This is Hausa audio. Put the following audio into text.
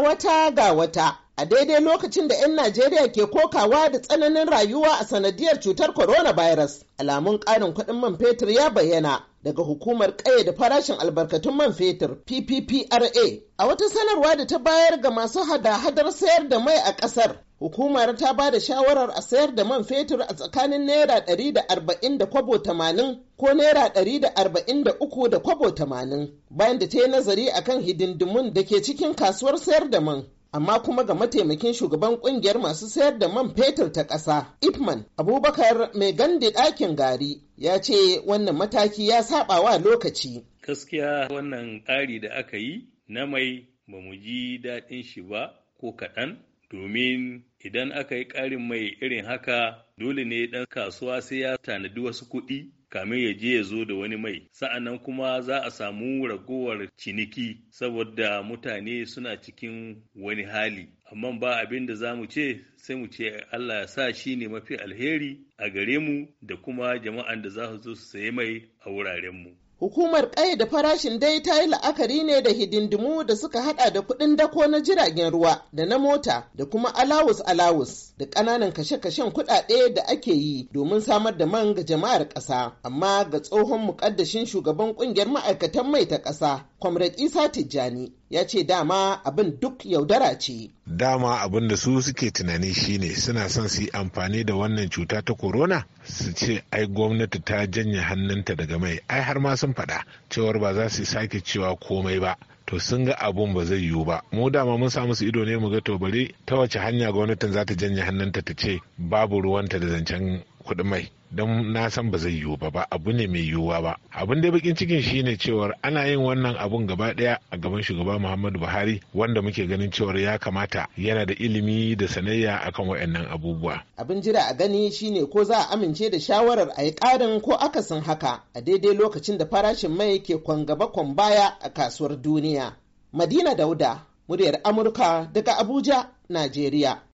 wata ga wata a daidai lokacin da 'yan Najeriya ke kokawa da tsananin rayuwa a sanadiyar cutar coronavirus. Alamun ƙarin kuɗin man fetur ya bayyana daga hukumar ƙaya da farashin albarkatun man fetur PPPRA. A wata sanarwa da ta bayar ga masu hada-hadar sayar da mai a ƙasar, hukumar ta ba da shawarar a sayar da man fetur a tsakanin naira 140 da kwabo 80 ko naira 143 da kwabo tamanin, bayan da ta yi nazari a kan hidindimun da ke cikin kasuwar sayar da man. amma kuma ga mataimakin shugaban kungiyar masu sayar da man fetur ta ƙasa ipman abubakar mai gandi ɗakin gari ya ce wannan mataki ya saba wa lokaci. Gaskiya wannan tsari da aka yi na mai ba mu ji daɗin shi ba ko kaɗan domin idan aka yi ƙarin mai irin haka dole ne ɗan kasuwa sai ya tanadi wasu kuɗi kamin ya je ya zo da wani mai sa'annan kuma za a samu ragowar ciniki saboda mutane suna cikin wani hali amma ba abin da za mu ce sai mu ce Allah ya sa shi ne mafi alheri a gare mu da kuma jama'an da za su zo su sayi mai a wuraren mu Hukumar da farashin dai ta yi la'akari ne da hidindimu da suka hada da kuɗin dako na jiragen ruwa da na mota da kuma alawus-alawus da ƙananan kashe-kashen kuɗaɗe da ake yi domin samar da man ga jama'ar ƙasa. Amma ga tsohon muƙaddashin shugaban ƙungiyar ma'aikatan mai ta ƙasa comrade isa tijjani ya ce dama abin duk yaudara ce dama abin da su suke tunani shine suna son su yi amfani da wannan cuta ta corona su ce ai gwamnati ta janye hannunta daga mai ai har ma sun faɗa cewar ba za su sake cewa komai ba to sun ga abun ba zai yiwu ba mu dama mun samu su ido ne mu ga to bari ta wace hanya gwamnatin za ta janye hannunta ta ce babu ruwanta da zancen kuɗi mai don na san ba zai yiwu ba ba abu ne mai yiwuwa ba abin da bakin cikin shine cewar ana yin wannan abun gaba daya a gaban shugaba muhammadu buhari wanda muke ganin cewar ya kamata yana da ilimi da sanayya akan waɗannan abubuwa abin jira a gani shine ko za a amince da shawarar a yi ƙarin ko akasin haka a daidai lokacin da farashin mai ke kwan gaba kwan baya a kasuwar duniya madina dauda muryar amurka daga abuja najeriya